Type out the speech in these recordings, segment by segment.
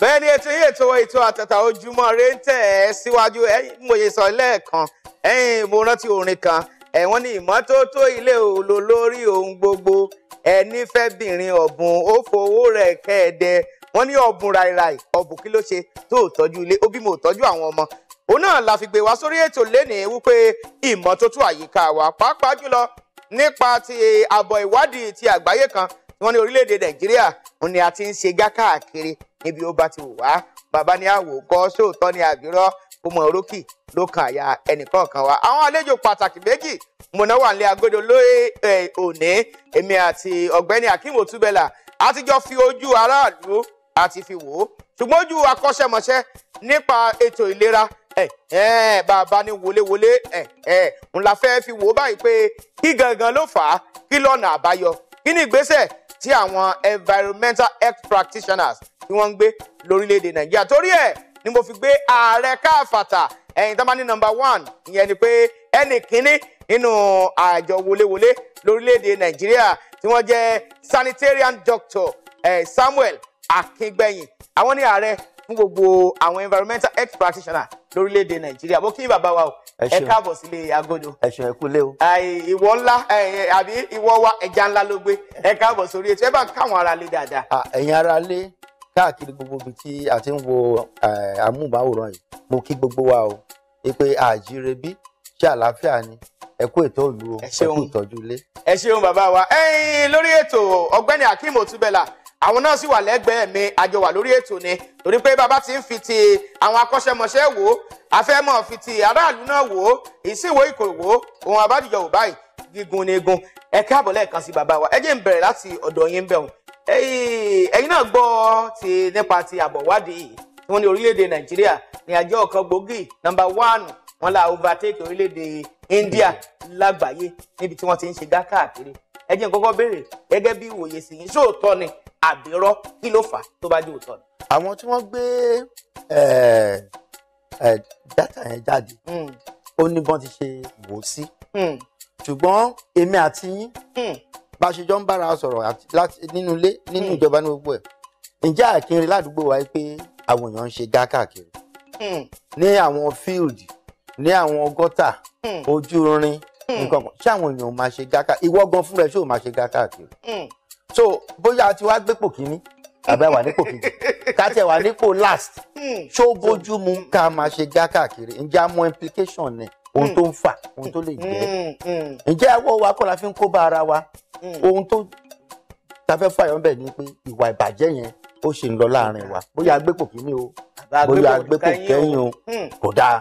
bẹ́ẹ̀ ni ètò yìí ètò ètò àtàtà ojúmọ́ rẹ ń tẹ̀ ẹ́ síwájú ẹ̀yìn mo yẹ sọ lẹ́ẹ̀kan ẹ̀yìn mo rántí orin kan ẹ̀wọ́n ní ìmọ́tótó ilé òòlò lórí ohun gbogbo ẹni fẹ́ bìnrin ọ̀bùn ó fowó rẹ̀ kẹ́ẹ̀dẹ́ wọ́n ní ọ̀bùn ràìràì ọ̀bùn kí ló ṣe tó tọ́jú ilé ó bí mo tọ́jú àwọn ọmọ òun náà la fi gbé wá sórí ètò lénìí wípé ìmọ́tótó àyíká wa pàápàá jùlọ nípa ti àbọ̀ ìwádìí ti àgbáyé kan tí wọ́n ní orílẹ̀-èdè nàìjíríà òun ni a ti ń ṣe gá káàkiri níbi ó bá ti wù wá bàbá ní àwò kọ́ sóòótọ́ ní àbírọ́ ó mọ orókì ló kan àyà ẹnìkọ̀ọ̀kan wa àwọn àlejò pàtàkì méjì mọ̀nà wà nílé agodo lóye òní èmi àti ọ̀gbẹ́ni akeem otubela àtijọ́ fi ojú aráàlú àti fi wò ó ṣùgbọ́n ojú akọ́ṣẹ́mọṣẹ́ nípa ètò ìlera bàbá ní wọléwọlé ń la fẹ́ fi wò ó báyìí pé kí gangan ló fà á kí lọ́nà àbáyọ kí ni ìgbésẹ̀ tí àwọn environmental health practitioners tí wọ́n ń gbé lórílẹ̀‐èdè nàìjíríà torí ẹ̀ ni mo fi gbé ààrẹ káfàtà ẹ̀yìn tá bá ní number one ìyẹn ni pé ẹnì kínní nínú àjọ wọléwọlé lórílẹ̀‐èdè nàìjíríà tí wọ́n jẹ́ sanitarian doctor eh, Samuel Akíngbẹ̀yìn àwọn ní ààrẹ fún gbogbo àwọn environmental health practitioner lórílẹ̀‐èdè nàìjíríà bó kí bàbá wa o ẹ káàbọ̀ sílé agodo. ẹ ẹ kú lé o. ìwọ ńlá àbí ìwọ wa ẹja ńlá ló gbé ẹ káàbọ̀ sórí ètò ẹ bá káwọn ará lé dáadáa. ẹ̀yin ará lé káàkiri gbogbo ibi tí a ti ń wo amúhùnmáwòrán yìí mo kí gbogbo wa o pé àjíire bí ṣé àlàáfíà ni ẹ kú ètò ìlú o ẹ kú ìtọ́jú ilé. ẹ ṣeun bàbá wa ẹyin lórí ètò ọ̀gbẹ́ni akeem otubela àwọn náà sì wà lẹ́gbẹ̀ẹ́ mi àjọ wà lórí ètò ni torí pé bàbá ti ń fi ti àwọn akọ́ṣẹ́mọṣẹ́ wò ó afẹ́mọ̀ fi ti aráàlú náà wò ó ìsìnwó ìkòwò ohun abájújọ ò báyìí gígun ni igun ẹ káàbọ̀ lẹ́ẹ̀kan sí bàbá wa ẹ jẹ́ ń bẹ̀rẹ̀ láti ọ̀dọ̀ yín bẹ̀rù ẹ̀yin náà gbọ́ ti nípa ti àbọ̀wádìí yìí tí wọ́n ní orílẹ̀-èdè nàìjíríà ní àjọ kan gbòógì nọ́mbà one wọ́n la overtake orílẹ̀-èdè india lágbàáyé níbi tí wọ́n ti ń ṣe gákàkiri ẹ jẹ́ n kọ́kọ́ béèrè gẹ́gẹ́ bí ìwòye sí yín sóòótọ́ ni àbírọ́ kí ló fà á tó bá jẹ́ òótọ́ ni. àwọn tí wọ́n gbé eh, eh, dátà yẹn jáde hmm. ó ní bọ́n ti ṣe wò ó sí hmm. ṣùgbọ́n èmi àti yín hmm bá a ṣe jọ ń bára sọ̀rọ̀ nínú ilé nínú hmm. ìjọba ní gbogbo ẹ̀ ǹjẹ́ àkínrin ládùúgbò wa pé àwọn èèyàn ń ṣe gá káàkiri hmm. ní àwọn field ní àwọn gọ́tà hmm. ojú rin nǹkan kan ṣé àwọn èèyàn máa ṣe gá káàkiri ìwọ gan fúnra ẹ ṣé ò máa ṣe gá káàkiri so bóyá a ti wá gbépò kínní àbá wà nípò kejì ká tiẹ̀ wà nípò last ṣó bójú mu ká máa ṣe gá káàkiri ǹjẹ́ a implication ni ohun tó ń fà ohun tó lè jẹ́ ǹjẹ́ àwọ̀ wa kọ́ la fi ń kó bá ara wa Mm. ohun tó ta fẹ́ fàyọ̀ bẹ̀ ni pé ìwà ìbàjẹ́ yẹn ó ṣì ń lọ láàrin wa bóyá agbépò kìíní o bóyá agbépò kẹ́yìn o mm. kò dáa.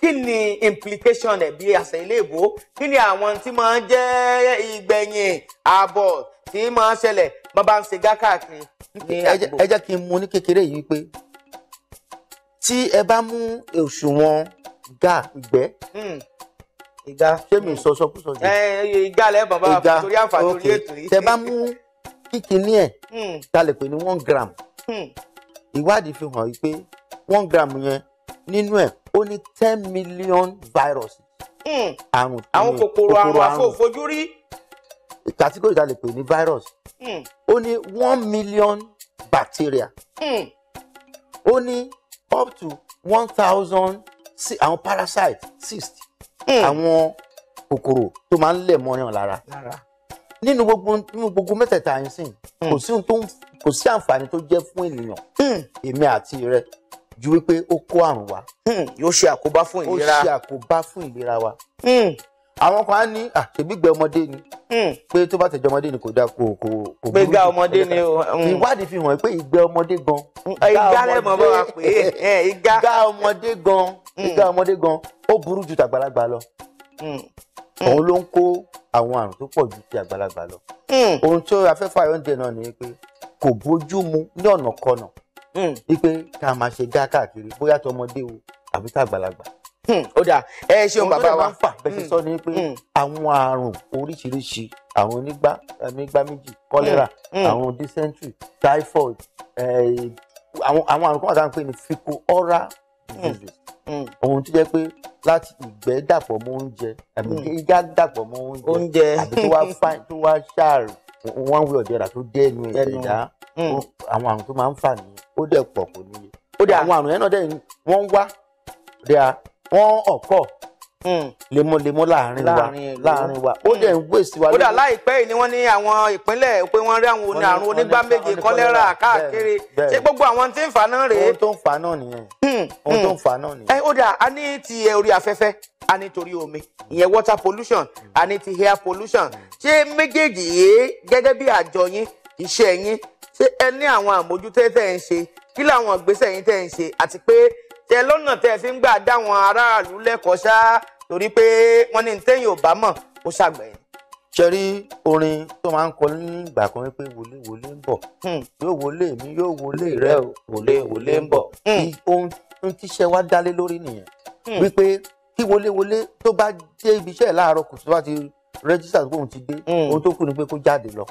kí ni implication ẹ̀ bí àṣẹ ilé ìbò kí ni àwọn tí máa ń jẹ́ ìgbẹ̀yìn ààbọ̀ tí máa ń ṣẹlẹ̀ bá bá ń ṣe gá káàkiri. ẹ jẹ́ kí n mú ní kékeré yìí pé tí ẹ bá mú òṣùwọ̀n gá ìgbẹ́ mm ìga sẹ́mi sọ̀sọ̀ kú sọ̀jẹ̀. ẹ ìga lẹ bàbá torí àǹfààní orí ètò yìí. tẹ bá mú kíkiní ẹ hmm. ta lè pè ní one gram hmm. ìwádìí fi hàn pé one gram yẹn nínú ẹ ó ní ten million virus. Hmm. àrùn àwọn kòkòrò àrùn àfòfojúrí. kàtíkòrì ta lè pè ní virus ó ní one million bacteria ó ní up to one thousand àwọn parasite cyst. Eh. àwọn kòkòrò tó máa ń lẹ̀ mọ́yàn lára nínú gbogbo nínú gbogbo mẹ́tẹ̀ẹ̀ta yín sìn kò hmm. sí ohun tó kò sí àǹfààní tó jẹ́ fún ènìyàn hmm. èmi àti rẹ ju wípé ó kó àrùn wa. Hmm. yóò ṣe àkóbá fún ìlera ó ṣe àkóbá fún ìlera wa àwọn kan á ní àtẹ̀gbígbẹ ọmọdé ni pé tó bá tẹ̀jọ ọmọdé ni kò dáa kò kò kò gbé ga ọmọdé ni o. ìwádìí fi hàn pé ìgbẹ ọmọdé gan. ìgá rẹ̀ bá wa pé ìgá. ìgá ọmọdé gan ìgá ọmọdé gan ó burú ju tàgbàlagbà lọ mm. Mm. òun ló ń kó àwọn àrùn tó pọ̀ ju ti àgbàlagbà lọ mm. ohun tó afẹ́fẹ́ àyọ̀ǹde náà ni pé kò bójú mu ní ọ̀nà kọ̀nà wípé ká máa ṣe gá káàkiri bóyá tọmọdé o àbí tàgbàlagbà ó dà ẹ ṣeun bàbá wa bẹ́ẹ̀ ṣe sọ ni pé àwọn àrùn oríṣiríṣi àwọn onígbá onígbá méjì kọ́lẹ́rà àwọn dysentery typhoid eh, àwọn àrùn kan wà tá à ń pè ní fico oral diseases Mm. ohun tó jẹ́ pé láti ìgbẹ́ dàpọ̀ mọ́ oúnjẹ àbí mm. ìyá dàpọ̀ mọ́ oúnjẹ àbí tó wá fine tó wá ṣáàrù wọ́n wí ọ̀dẹ́ra tó dé ẹnu ẹ̀dá mm. àwọn àrùn tó máa ń fà ní ó dẹ̀ pọ̀ kò níye ó dẹ̀ àwọn àrùn yẹn náà dẹ̀ wọ́n wá wọ́n ọ̀kọ̀ Hmm. lemọ́lemọ́ láàrin wa láàrin wa ó dẹ̀ ń hmm. wé sí wa lórí. kódà láìpẹ́ yìí ni wọ́n ní àwọn ìpínlẹ̀ pé wọ́n rí àwọn oní àrùn onígbá méje kọ́lẹ́rà káàkiri ṣé gbogbo àwọn tí ń fà náà rèé. ohun tó ń fà náà nìyẹn hmm. ohun tó ń fà náà nìyẹn. ẹ ó dà a ní ti eh, orí afẹ́fẹ́ a ní torí omi ìyẹn water pollution a ní ti hair pollution ṣé méjèèjì yìí gẹ́gẹ́ bí àjọ yín iṣẹ́ yín ṣé ẹ ní àwọn àmójútó tẹ́ ń ṣe kí làwọn ìgbésẹ̀ yín tẹ lọ́nà tẹ fi ń gbà dáwọn aráàlú lẹ́kọ̀ọ́ ṣá torí pé wọ́n ní tẹ́yìn ò bá mọ̀ ó ṣàgbẹ̀yìn. ṣẹ́rí orin tó máa ń kọ nígbà kan wípé wòlé wòlé ń bọ̀ hmm. yóò wòlé mi yóò wòlé rẹ o wòlé ń bọ̀ hmm. ohun tíṣẹ́ wa dálé lórí nìyẹn hmm. wípé kí wòlé wòlé tó bá dé ibiṣẹ́ ẹ̀ láàárọ̀ kùtù bá ti rẹ́gísítà tóun ti dé ohun tó kù ni pé kó jáde lọ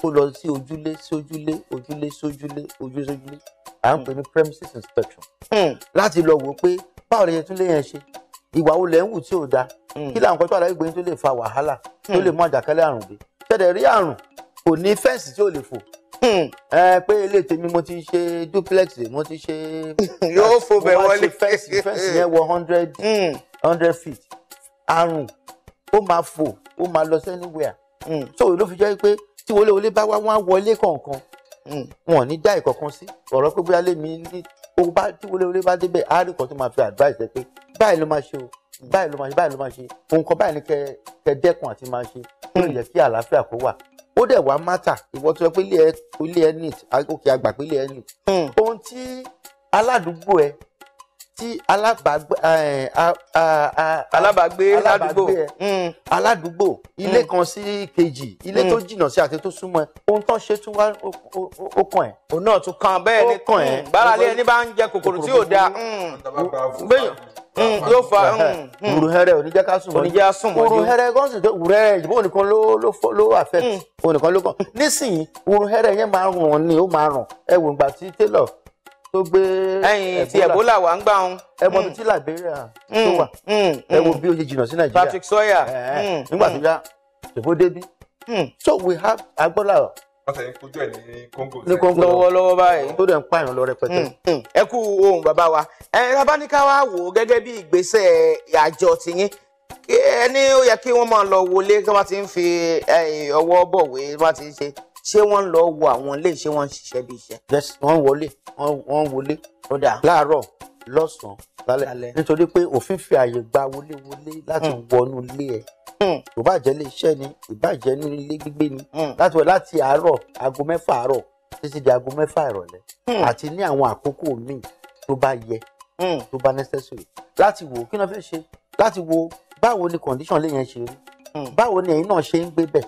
kó lọ sí ojúlé sí ojúlé ojúlé sí ojúlé ojúlé sí ojúlé à ń pè ní premises inspection hmm. láti lọ wò pé báwo lè tún lè yẹn ṣe ìwà olè ń wù tí ò da hmm. kí làwọn kan tó àdáyé gbé tó lè fa wàhálà tó hmm. lè mú àjàkálẹ̀ àrùn gbé tẹ̀lé rí àrùn kò ní fẹ́ǹsì tí ò lè fò pé ilé tèmi mo ti ṣe duplex mo ti ṣe yóò fò bẹ̀ wọlé fẹ́ǹsì fẹ́ǹsì yẹn wọ hundred hundred feet àrùn ó máa fò ó máa lọ sí anywhere so ló fi jẹ́ pé tí wọléwọlé bá wá wọ́n á wọlé kọ̀ọ̀kan Hmm. wọn ní dá ìkọ̀kan sí ọ̀rọ̀ pé bóyá lèmi ní ó bá tí wọléwọlé bá débẹ̀ á rí kan tó máa fi advice pé báyìí ló máa ṣe o báyìí ló máa ṣe báyìí ló máa ṣe òun kan báyìí ni kẹ kẹ dẹ́kun àti máa ṣe ó lè kí àlàáfíà kó wà ó dẹ̀ wá mátà ìwọ tó yẹ pé ilé ẹ nìt òkè àgbà pé ilé ẹ nìt hmm. ohun tí aládùúgbò ẹ tí alábàágbé eh, alábàágbé aládùúgbò hmm, aládùúgbò ilé hmm. kan sí kejì ilé tó hmm. jìnnà sí àti tó súnmọ́ ohun tó ń ṣe tún wá ó kàn ẹ́. òun náà tún kan bẹ́ẹ̀ ni kàn ẹ́ gbáralé ẹni bá ń jẹ kòkòrò tí ò dáa gbẹ̀yàn yóò fa wùrùhẹrẹ oníjẹ ká sùn mọ́jú oníjẹ sùn mọ́jú wùrùhẹrẹ gọ́ọ̀sì tó wùrùhẹrẹ ìbò nìkan ló ló ló affect òun ló kàn nísìnyí wùrùhẹrẹ yẹn máa rùn ní ó máa rùn ẹ wò ìgbà tí tailor tó gbé ẹyin ti ebola wà ń gbà ń. ẹ mọ ibi mm. liberia mm, tó wà mm, ẹ wo bí ó ṣe jìnnà sí nàìjíríà Patrick Sawyer nígbà tó yá ṣòfò débi so we have agbọ́là. wọ́n ṣe kojú ẹ̀ ní Congo. ní Congo lọ́wọ́lọ́wọ́ báyìí. tó dẹ̀ ń pààyàn lọ rẹpẹtẹ. ẹ kú ohun bàbá wa ẹ rabaníkà wa wò gẹ́gẹ́ bí ìgbésẹ̀ àjọ tiyín ẹni ó yẹ kí wọ́n máa lọ wọlé kí wọ́n ti ń fi ọwọ́ bọ̀wé wọ́n ti ń ṣe ṣé wọ́n lọ wo àwọn ilé ṣé wọ́n ń ṣiṣẹ́ bí iṣẹ́. wọ́n wọlé wọ́n wọlé láàárọ̀ lọ́sàn-án lálẹ́ nítorí pé òfin fi àyè gba wọléwọlé láti hmm. wọnú ilé ẹ̀ ìbàjẹ́ hmm. ilé iṣẹ́ ni ìbàjẹ́ ní ilé gbígbé ni hmm. láti wọ láti àárọ̀ aago mẹ́fà àárọ̀ títí di aago mẹ́fà ìrọ̀lẹ́ àti ní àwọn àkókò míì tó bá yẹ tó bá necessary láti wo kí ni wọ́n fẹ́ ṣe láti wo báwo ni condition lè yẹn ṣe rí báwo ni ẹ̀yin náà ṣe ń gbé bẹ̀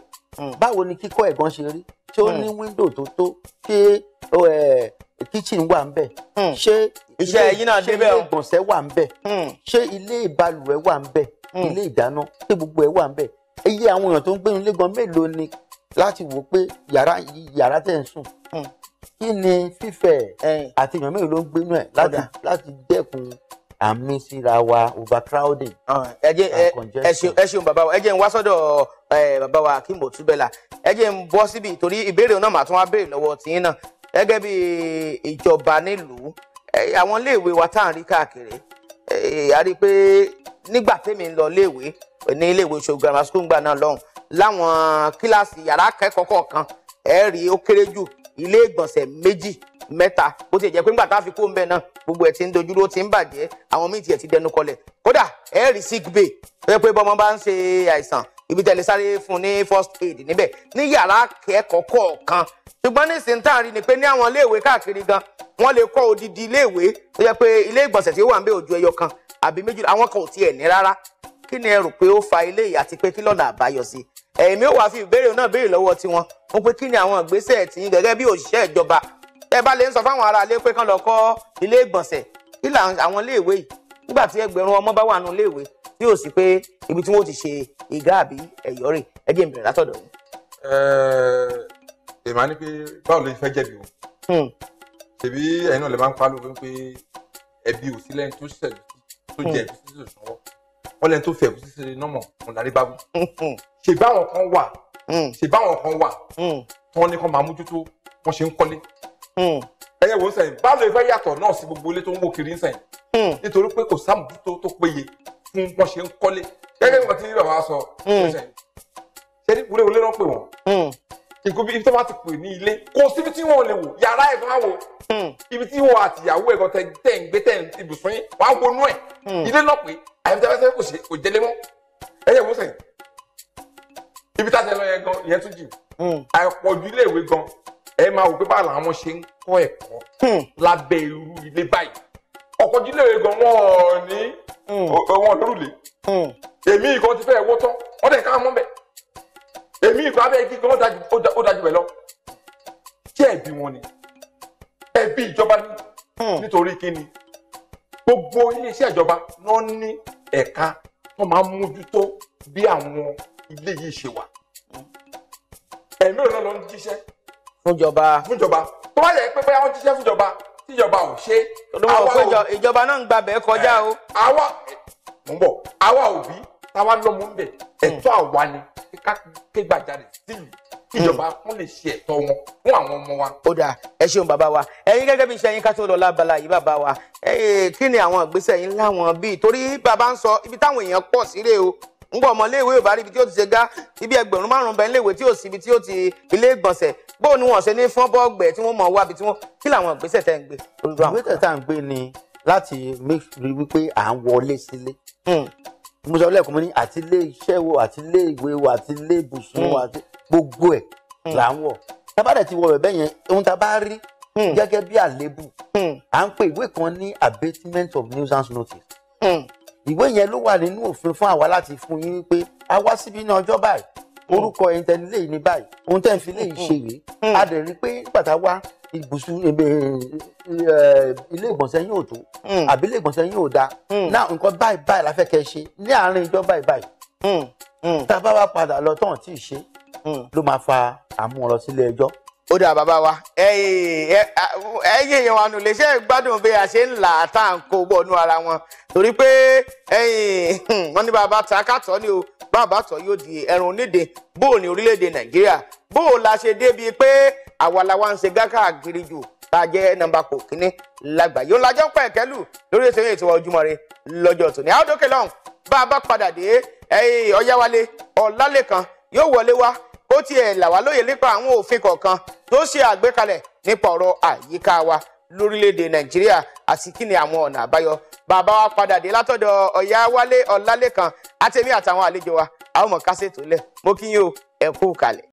báwo ni kíkọ́ ẹ̀gbọ́n ṣe rí ṣé ó hmm. ní wíńdò tó tó ṣé kíchìn wà ń bẹ̀ hmm. ṣé iṣẹ́ ẹ̀yin náà débẹ̀ o ṣé ilé ìgbọ̀nsẹ̀ wà ń bẹ̀ hmm. ṣé ilé ìbalùwẹ̀ wà ń bẹ̀ ilé ìdáná ṣé gbogbo ẹ̀ wà ń bẹ̀ iye àwọn èèyàn tó ń gbénu lé gan mélòó ni láti wò pé yàrá yàrá tẹ̀ ń sùn kí ni fífẹ̀ àti èèyàn mélòó ló ń gbénu ẹ̀ láti dẹ́kun àmì síra wa overcrowding. ẹ jẹ́ ẹ ṣeun bàbá wa ẹ jẹ́ n wá sọ́dọ̀ bàbá wa Akeem Otubela ẹ jẹ́ ń bọ́ síbi torí ìbéèrè náà màá tún wá béèrè lọ́wọ́ tí náà gẹ́gẹ́ bí ìjọba nílùú àwọn iléèwé wa tá à ń rí káàkiri a rí i pé nígbà tèmi ń lọ iléèwé ní iléèwé Ṣògo grammar school gbà náà lọ́hùn láwọn kíláàsì yàrá akẹ́kọ̀ọ́ kọ̀ọ̀kan ẹ rí ó kéré jù ilé ìgbọ̀nsẹ̀ méjì mẹ́ta bó ti jẹ́ pé nígbà tá a fi kó ń bẹ̀ náà gbogbo ẹ̀ ti ń dojúró ti ń bàjẹ́ àwọn míì tiẹ̀ ti dẹnu kọlẹ̀ kódà ẹ rí sick bay pé pé bọ́mọ bá ń ṣe àìsàn ibi tẹ́lẹ̀ sáré fún ní first aid níbẹ̀ ní yàrá kẹ́kọ̀ọ́ kọ̀ọ̀kan ṣùgbọ́n nísìnyí tá rí ni pé ní àwọn iléèwé káàkiri gan wọ́n lè kọ́ odidi iléèwé tó yẹ pé ilé ìgbọ̀nsẹ̀ tí ó wà ń bẹ ojú ẹyọ kan àbí méjì àwọn kan ò tiẹ̀ ní rárá kí ni ẹ rò pé ó fa eléyìí àti pé kí lọ́nà àbáyọ sí èmi ò wá fi ìbéèrè náà béèrè lọ́wọ́ tiwọn mo pé kí ni àwọn ìgbésẹ̀ tí gẹ́gẹ́ bí òṣìṣẹ́ ìjọba ẹ bá lè ń sọ fáwọn aráalé pé kán lọ kọ́ ilé ìgbọ̀nsẹ̀ kí làwọn iléèwé yìí nígbà tí ẹgbẹ̀rún ọmọ bá wà nù iléèwé tí ò sí pé ibi tí wọ́n ti ṣe ìgá àbí ẹ̀yọ́ rè ẹ̀jẹ̀ ìbẹ̀rẹ̀ látọ̀dọ̀ wọn. ẹ màá ní pé báwo ló fẹ́ jẹ̀bi o hmm. ṣèbí ẹ̀yin náà lè máa ń pa lóògùn pé ẹbí ò sílẹ̀ tó ṣẹ̀lú tó hmm. jẹ̀ ẹ̀bí sísè sanwó wọ́n lẹ́ni tó fi ẹ̀bí sísè nọ́mọ̀ òun lárí hmm. bá wù. ṣe báwọn kan wà ṣe báwọn kan wà tán ní kan máa mójútó wọ́n ṣe ń kọ́lé. ẹyẹ wo sẹ́yìn báwo ló fẹ́ yàtọ̀ náà sí gbogbo ilé tó ń wó kiri sẹ́yìn nítorí pé kò sáàmùjútó tó péye fún bọ́ ṣe ń kọ́lé gẹ́gẹ́ bí wọ́n ti rí bàbá sọ hmm. ṣe ní wúlé wúlé náà pè wọ́n ìkú hmm. ibi tó bá ti pè ní ilé kò síbi tí wọn ò lè wò yàrá ẹ̀ máa wò hmm. ibi tí wọn àtìyàwó ẹ̀ kan tẹ̀ ń gbé tẹ̀ ń ibùsùn yín wà á wọnú ẹ̀ ilé náà pé àyẹ̀mẹ́tẹ́fẹ́sẹ́ kò ṣe kò jẹ́lé mọ́ ẹ̀yẹ̀ wọ́n sẹ́yìn ibi tá a ṣe lọ yẹn gan yẹn tún jù àpọ̀jù ilé ìwé gan ẹ máa wò pé báwo làwọn ọmọ ṣe ń kọ́ ẹ̀kọ́ lábẹ́ irú ilé báyìí ọ̀pọ̀jù ilé ìwé gan wọn ò ní fẹ́ wọn lórùlé hmm. èmi ìkan ti fẹ́ wọ́ tán wọ́n dẹ̀ ká mọ́ bẹ̀ èmi ìkan abẹ́ igi gan ó dájú bẹ̀ lọ kí ẹ̀bi wọn ni ẹ̀bi ìjọba ni hmm. nítorí kí ni gbogbo iléeṣẹ́ ìjọba ló ní ẹ̀ka tó máa ń mójútó bí àwọn ilé yìí ṣe wà ẹ̀mí òun náà ló ń jíṣẹ́ fúnjọba fúnjọba tó bá yẹ pé bóyá wọ́n jíṣẹ́ fúnjọba tíjọba ò ṣe. olùwọ́n òpéjọ ìjọba náà ń gbàbẹ̀ kọjá o. àwa ń bọ̀ àwa òbí táwa lọ́mọ ń bẹ̀ ẹ̀tọ́ hmm. àwa ni ká ké gbàjarè sílùú ìjọba hmm. kún lè ṣe ẹ̀tọ́ wọn fún àwọn ọmọ wa. ó dáa ẹ ṣeun bàbá wa ẹ̀yin gẹ́gẹ́ bí iṣẹ́ yín ká lọ lábala yìí bàbá wa kí ni àwọn ìgbésẹ̀ yín láwọn bíi torí bàbá ń sọ ibi táwọn èèyàn pọ̀ sílé o ń bọ̀ ọmọléèwé ò bá ibi tí ó ti ṣe gá ibi ẹgbẹ̀rún márùn-ún bẹ́ẹ̀ léèwé tí ò sí ibi tí ó ti ilé ìgbọ̀nsẹ̀ bóun ni wọ́n ṣe ní fọ́n bọ́ọ̀gbẹ̀ tí wọ́n mọ̀ wá ibi tí wọ́n kí làwọn ìgbésẹ̀ tẹ̀ ń gbé. ìgbésẹ̀ tá à ń gbé ni láti rí wípé à ń wọlé sílé Hmm. mo sọ lẹ́ẹ̀kan mo ní àti ilé iṣẹ́ wo àti ilé ìwé wo àti ilé ibùsùn wo hmm. àti gbogbo ẹ̀ hmm. là ń wọ̀ tábàdà ti wọ rẹ̀ bẹ́yẹn ohun tá a bá rí gẹ́gẹ́ bí àlébù à ń pe ìwé kan ní abatement of nuisance notice ìwé yẹn ló wà nínú òfin fún àwa láti fún yín wípé a wá síbi ní ọjọ́ báyìí orúkọ ẹ̀yin tẹ́ni léyìí ní báyìí ohun tẹ́ ń fi léyìí ṣe rèé a dẹ̀ rí i pé nígbà tá a wá ibùsùn eh, eh, eh, ilé ìgbọ̀nsẹ̀ yín ò tó àbí ilé ìgbọ̀nsẹ̀ yín ò dáa hmm. náà nǹkan báyìí báyìí la fẹ́ kẹ́ ẹ ṣe ní àárín ìjọ báyìí báyìí hmm. Hmm. tá a bá wá padà lọ tán tí ì ṣe ló máa fa àmúrọ sílé ẹjọ́. ó dà bàbá wa ẹ yé èèyàn lè ṣe gbádùn bí a ṣe ń là á tá à ń kó bọ̀nú ara wọn torí pé wọ́n ní bàbá ta kàtọ́ ni o bàbá tọ́ yóò di ẹran onídìí bóò ní orílẹ̀ la ṣe débi pé àwa la wá ń ṣe gákàgiri jù tá a jẹ́ nọ́mbà kò kínní lágbàáyé ó lajọ́ pẹ̀ kẹ́lù lórí ètò ètò Ojúmọ́ Ire lọ́jọ́ tòní àádókè lọ́hùn bá a bá padà dé Ọ̀yáwálé Ọlálékan yóò wọlé wá ó tiẹ̀ là wá lóye nípa àwọn òfin kọ̀ọ̀kan tó ṣe àgbékalẹ̀ nípa ọ̀rọ̀ àyíká wa lórílẹ̀‐èdè Nàìjíríà àti kí ni àwọn ọ̀nà àbáyọ bàbá wa padà dé látọ̀dọ̀ Ọ̀yáwálé Ọlálékan àtẹ̀mí àtàwọn àlejò wa àwọn ọmọ kásẹ̀ lẹ̀ mo yín o ẹ kalẹ̀.